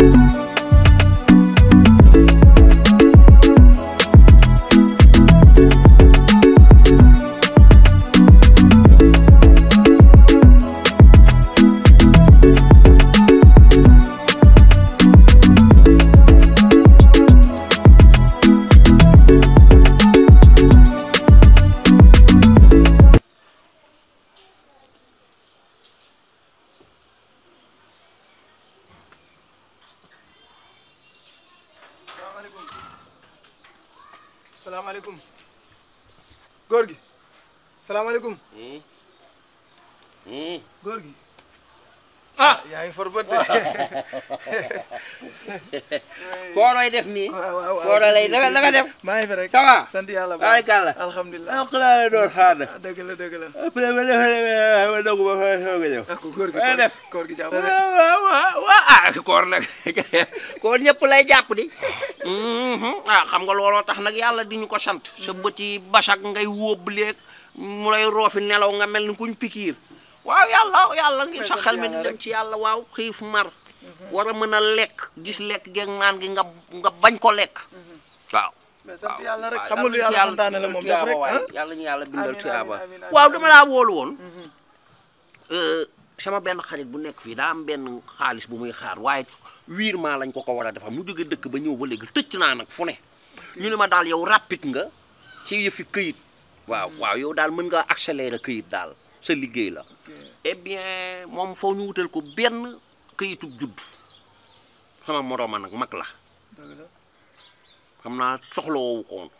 thank you salaamaaleykum góor gi salaamaaleykum hmm. Hmm. góor gi ah yaa ngi forbat de koorooy def nii kooroo lay def maa ngi fi rek ça va sant yàlla ba ah, def ma dogu koor gi koor gi jàpp waa ah, ah, koor nag koor mhm. nga looloo tax nag yàlla di ñu ko sant sa bëti basak ngay wóobleeg mu lay roofi nelaw nga mel ni kuñ pikiir waaw yàlla yàlla ngir sa xel mi di dem ci yàlla waaw xiif mar mhm. war a mën a lekk gis lekk geeg naan gi nga nga bañ ko lekk mhm. waaw mais sant yàlla rek yàlla la moom def rek ah. yàlla ñu yàlla bindal tuyaaba waaw dama laa wóolu woon mhm. euh, sama benn xarit bu nekk fii daa am benn xaalis bu muy xaar waaye wiir maa lañ ko ko war a defal mu jóge dëkk ba ñëw ba léegi tëcc naa nag fu ne ñu ne ma daal yow rapide nga ci yëfi këyit waaw waaw yow daal mën nga accélérer këyit daal sa liggéey la eh bien moom foo nu wutal ko benn këyitub judd sama morooma nag mag la xam naa soxla woowu ko woon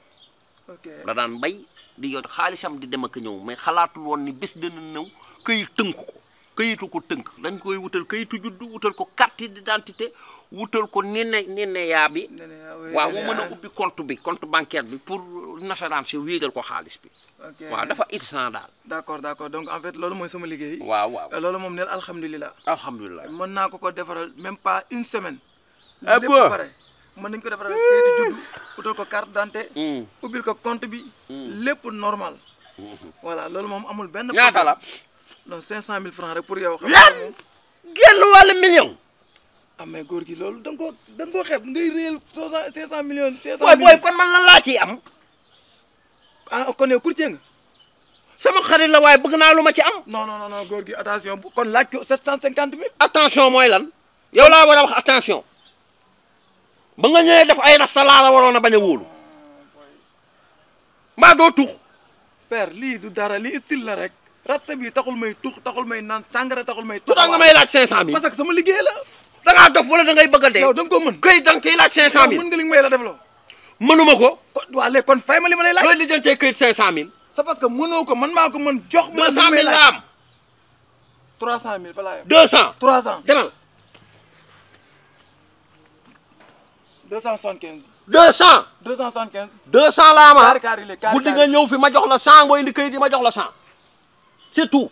da daan bay di yot xaalisam di dem ak ñëw mais xalaatul woon ni bés dana ñëw këyit tënk ko këyitu ko tënk dañ koy wutal këyitu judd wutal ko di dantité wutal ko nene nene yaa bi waaw mu mën a ubbi compte bi compte bancaire bi pour nasaraan si wéegal ko xaalis bi waaw dafa instant daal. d' accord d' accord donc en fait loolu mooy sama liggéey. waaw waaw loolu moom neel alhamdulilah. alhamdulilah naa ko ko defaral même pas une semaine. Eh lépp pare mën nañu ko defaral kayitu juddu utal ko carte d'identité. Hmm. ubbil ko compte bi. Hmm. lépp normal. Hmm. voilà loolu moom amul benn. ñaata la donc 500000 francs rek pour yow. xam nga génn wàllu million. ah mais góor gi loolu da nga koo da nga koo xeeb ngay réel 500 booy kon man lan laa ciy am. ah kon yow courtier nga. sama xarit la waaye bëgg naa lu ma ci am. non non non góor gi bu kon laaj ko 750 000. attention mooy lan yow laa war a wax attention ba nga ñëwee def ay rasta laa la waroon a bañ a wóolu mbaa doo tux. père lii du dara lii style la rek rasta bi taxul may tux taxul may naan sangara taxul may. nga may laaj 500000 parce que sama liggéey la. da ngaa dof wala da ngay bëgg a dee. yow da nga koo mën kay da nga koy laaj 500000. mën nga may mënuma ko. waaw léegi kon fay ma li ma lay laaj. loolu li doon tey këyit 500000. c'est parce que mënoo ko man maa ko mën jox. ma li may laaj 200000 la am. 300000 fa laa yem. 200 300 demal. deux cent 275. 200 laa ma. kaar kaar yi léegi guddi ñëw fi ma jox la 100 boo indi këyit yi ma jox la 100 c'est tout.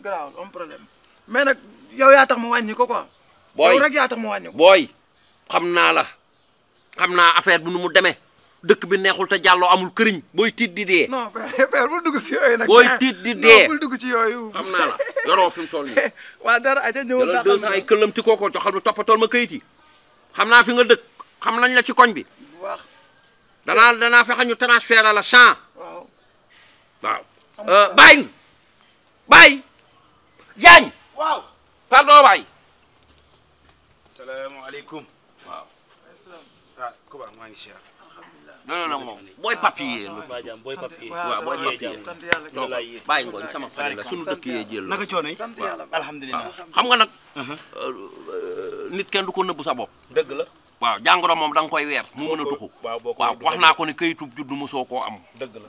garaaw problème mais nag yow yaa tax ma wàññi ko quoi. booy yow rek ma wàññi ko. booy xam naa la. xam naa affaire bi nu mu demee dëkk bi neexul te jàlloo amul këriñ booy tiit di dee. non père bul dugg ci yooyu di dee xam naa la yoroo fi mu toll waa dara aja ñëwal sax xam ay këllam ti kookoo joxal ma toppatool ma kayit yi xam naa fi nga dëkk xam nañ la ci koñ bi. waaw danaa danaa fexe ñu la champ. waaw waaw. Euh, Baye pardon Baye. Kuba maa ngi siyaar. non non moom booy papier la. waaw booy papier waaw booy papier. bàyyi ngoon sama xarit la sunu dëkk yee jël la. naka coono yi alhamdulilah ah, xam nga nag. Euh, nit kenn du ko nëbbu sa bopp. dëgg la. waaw jàngoro moom danga koy weer mu mën a duxu. waaw wax naa ko ne kayitu juddu mosoo koo am. dëgg la.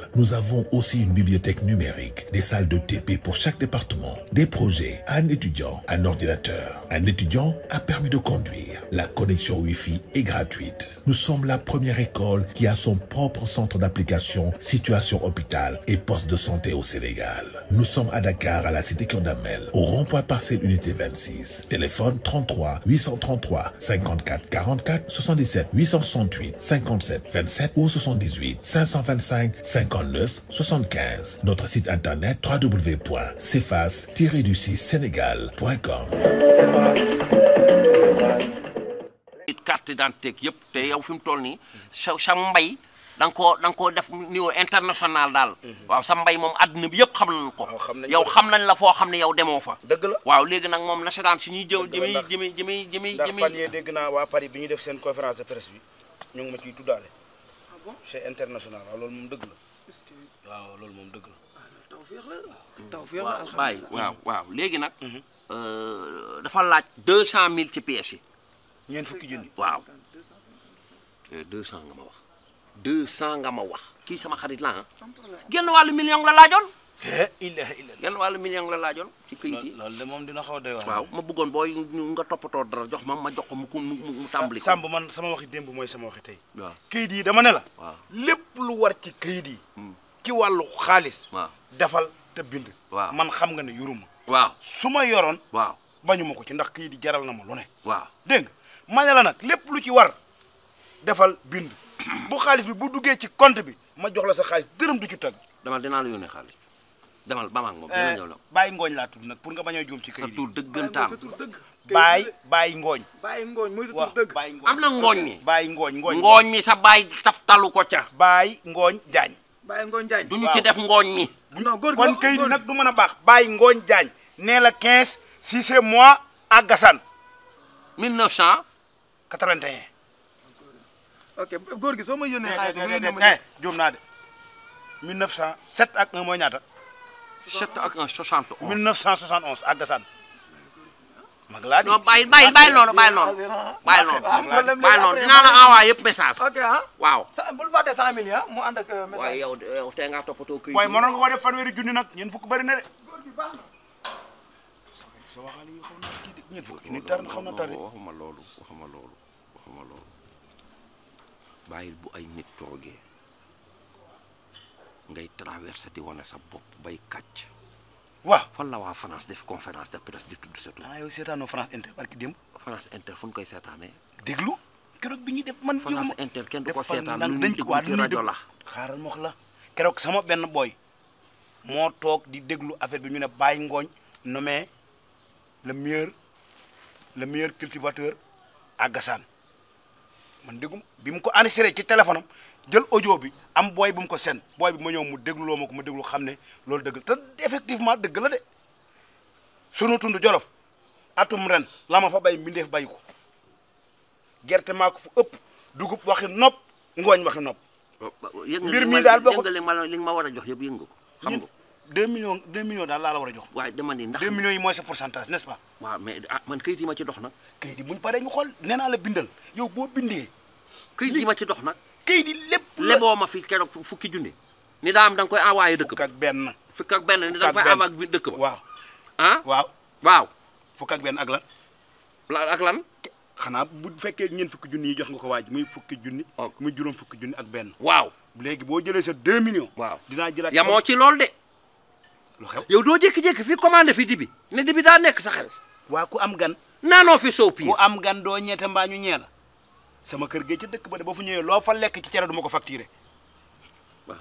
Nous avons aussi une bibliothèque numérique, des salles de TP pour chaque La connexion Wi-Fi est gratuite. Nous sommes la première école qui a son propre centre d'application, situation hôpital de santé au Sénégal. Nous sommes à Dakar, à la cité Kondamel, au rond-point parcelle unité 26. Téléphone 33 833 54 44 77 868 57 209 75. Notre site internet www.cefas-du6sénégal.com. carte d'identité yëpp te yow fi mu toll nii sa sa mbay da nga koo da nga koo def niveau international daal. Mhm. waaw sa mbay moom àdduna bi yëpp xam nañ ko. yow xam nañ la foo xam ne yow demoo fa. dëgg la waaw léegi nag moom na seetaan si ñuy jëw jëmi jëmi jëmi jëmi ndax fan yee dégg naa waa Paris bi ñuy def seen conférence de presse bi ñu ngi ma ciy tuddaale. Ah c'est international waaw loolu moom dëgg la. waaw loolu moom dëgg la. Ah, tawfeex la tawfeex la waaw waaw léegi nag. Mhm. Euh, dafa laaj deux cent mille ci pièces yi. ñeent fukki junni waaw. Euh, deux cent nga ma wax. deux cent nga ma wax. kii sama xarit la ah. genn wàllu million la laajoon. Eh? wàllu million la laajoon. ci këyit yi loolu de moom dina xaw a ma bëggoon booy nga toppatoo dara jox ma ma jox ko mu mu tàmbali. Samb man sama waxi démb mooy sama waxi tey. waaw këyit yi dama ne la. waaw lépp lu war ci këyit yi. Hmm. ci wàllu xaalis. waaw defal te bind. waaw man xam nga ne yoruma. waaw su ma yoroon. waaw bañu ma ko ci ndax këyit yi jaral na ma lu ne. waaw dégg nga ma ne nag lépp lu ci war defal bind. bu xaalis bi bu duggee ci compte bi ma jox la sa xaalis dërëm du ci tag dama dinaa la yónnee xaalis demal ba maag eh, bàyyi ngooñ laa tudd nag pour nga bañ a juum ci kayit sa tur dëggantaan sa tur dëgg bàyyi bàyyi ngooñ bàyyi ngooñ mooy sa tur dëgg bàyyi ngooñ am na ngooñ mi bàyyi ngooñ ngooñ ngooñ mi sa taf talu ko ca bàyyi ngooñ jaañ bàyyi ngooñ ci def ngooñ mi non kon kayit nag du mën a baax bàyyi ngooñ jaañ nee la quinze si c'est moi à Gassane mille neuf cent quatre-vingt-un gi soo ma yónnee eh, eh, juum mooy ñaata 7 ak 1 60. 1971 ak Gassane. mag laa di non bàyyi bàyyi bàyyi message. waaw. sa bul fàtte 100 000 mu ànd ak euh, toppatoo këyit. waaye mënoon fanweeri junni nag ñeent fukk bëri na de. sa waxaale yi xaw naa kii de loolu waxuma loolu waxuma bu ay nit toogee. ngay traversé di wane sa bopp bay kàcc. waaw fan la waa France def conférence de presse di tudd sa tur. ah yow seetaanoo France Inter barki démb. France Inter fu ñu koy seetaanee. déglu keroog bi def man. France Inter kenn du ko seetaan lu ñuy déglu ci rajo la xaaral ma la keroog sama benn boy moo toog di déglu affaire bi ñu ne Baye Ngooñ nommé le meilleur le meilleur cultivateur à Gassane. man dégguma bi mu ko enregistré ci téléphone am jël audio bi am booy bu mu ko seen booy bi ma ñëw mu dégluloo ma ko ma déglu xam ne loolu dëgg te effectivement dëgg la de sunu tund jolof atum ren la ma fa bay mbindeef bay ko gerte maa ko fu ëpp dugub waxi nopp ngooñ waxi nopp mbir mii daal boo ko li ma war a jox yëpp yëngu ko xam nga deux millions deux millions daal laa la war a jox. waaye dama ni ndax deux millions yi mooy sa pourcentage n'est-ce pas. waaw mais ah man kayit yi ma ci dox nag. kayit yi buñ paree ñu xool nee la bindal yow boo bindee. kayit yi ma ci dox nag. kayit yi lépp la leboo ma fi keroog fukki junni. ni daa am da nga koy envoyé dëkk ba ak benn. fukk ak benn ni da nga koy envoyé dëkk ba. waaw ah waaw. waaw fukk ak benn ak lan. la ak lan. xanaa bu fekkee ñeent fukki junni yi jox nga ko waaj muy fukki junni. muy juróom fukki junni ak benn. waaw léegi boo jëlee sa deux millions. waaw dinaa jëlaat yamoo ci loolu de lu xew yow doo jékki-jékki fii commandé fi dibi ne dibi daa nekk sa waa ku am gan. naanoo fi soow pii. ku am gan doo ñeete mbaa ñu ñee la sama kër gee ca dëkk ba de ba fu ñëwee loo fa lekk ci cere du ma ko facturé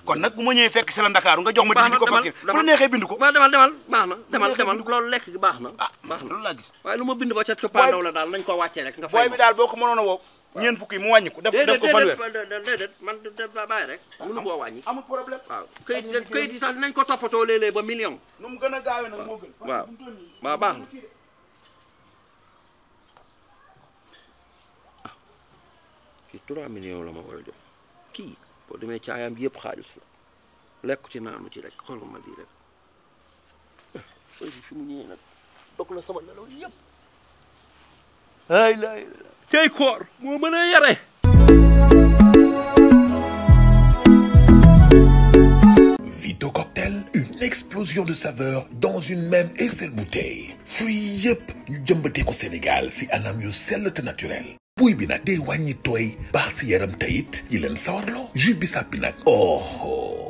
kon nag bu ma ñëwee fekk si la ndakaaru nga jox ma di bind ko fakir bu neexee bind ko waaw demal demal baax na demal demal loolu lekk gi baax na ah baax na waaye lu ma bind ba ca coppaandaw la daal nañ ko wàccee rek nga fay bi daal boo ko mënoon a woo ñeent fukki mu wàññi ko def def ko fanweer déedéet man bàyyi rek nañ ko toppatoo léeg-léeg ba million nu mu gën a gaawee nag moo gën waaw waaw baax na kii ah, 3 la ma a boo demee caayaam yëpp xaalis la lekk ci naanu ci rek xoolal ma lii rek heure eh, bi fi mu ñëwee nag dog na sama nelaw yëpp. ay laay tey koor moo mën a yare Vito cocktail une explosion de saveurs dans une même et seule bouteille fruits yëpp ñu jëmbatee ko Sénégal si anam yu sell te naturel puy bi nag day wàññi tooy baax si yaram tayit yi leen sawarloo jus bi sàppi nag oh, oh.